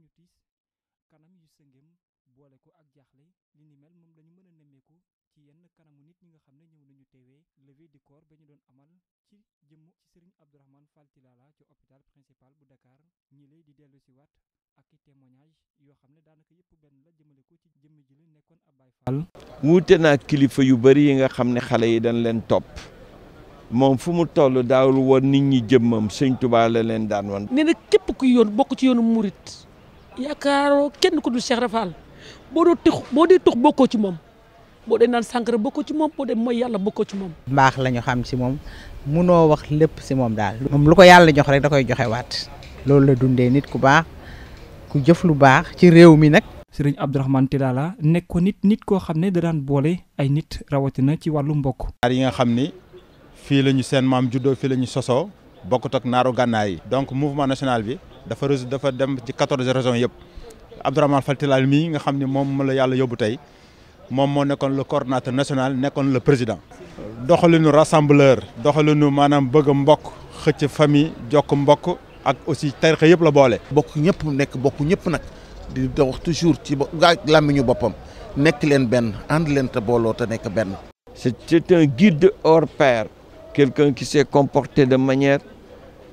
ñu tiis kanam yu sëngem boole ko ak jaaxle li ni mel moom dañu mën a nemmeeku ci yenn kanamu nit ñi nga xam ne ñëw nañu teewee levée du corps ba ñu doon amal ci jëmm ci sëriñ Abdourahmane Fall Tilala ci hôpital principal bu dakaar ñi lay di dellu si waat ak i yoo xam ne daanaka yëpp benn la jëmale ko ci jëmm ji la nekkoon ab Baay Fall wuute naa kilifa yu bari yi nga xam ne xale yi dañ leen topp moom fu mu toll daawul woon nit ñi jëmmam sëñ Tuubaa la leen daan wan nee yaakaaroo kenn ku du Cheikh Rafal boo doo tux boo dee tux bokkoo ci moom boo dee naan sàngara bokkoo ci moom boo dee mooy yàlla bokkoo ci moom. mbaax la ñu xam si moom munoo wax lépp si moom daal. moom lu ko yàlla jox rek da koy joxe waat loolu la dundee nit ku baax ku jëf lu baax ci réew mi nag. sëriñ Abdourahmane Tilala nekk ko nit nit koo xam ne da daan boole ay nit rawatina ci wàllu mbokk. naar yi nga xam ni fii lañu seen maam juddoo fii la ñu sosoo bokkut ak naaru gànnaay yi. donc mouvement national bi. dafa re dafa dem ci quatorze régions yëpp Abdourahmane Fall Tilal mii nga xam ne moom la yàlla yóbbu tey moom moo nekkoon le coordonnateur national nekkoon la président. doxalinu rassembleur doxalinu maanaam bëgg mbokk xëcc famille jokk mbokk ak aussi tarixa yëpp la boole. bokk ñëpp nekk bokk ñëpp nag di wax toujours ci gaa làmmiñu boppam nekk leen benn ànd leen te booloo ta nekk benn. c'est un guide hors pair quelqu'un qui s'est comporté de manière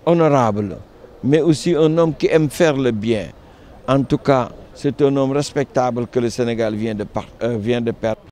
honorable. mais aussi un homme qui aime faire le bien. En tout cas, c'est un homme respectable que le Sénégal vient de, par... euh, vient de perdre.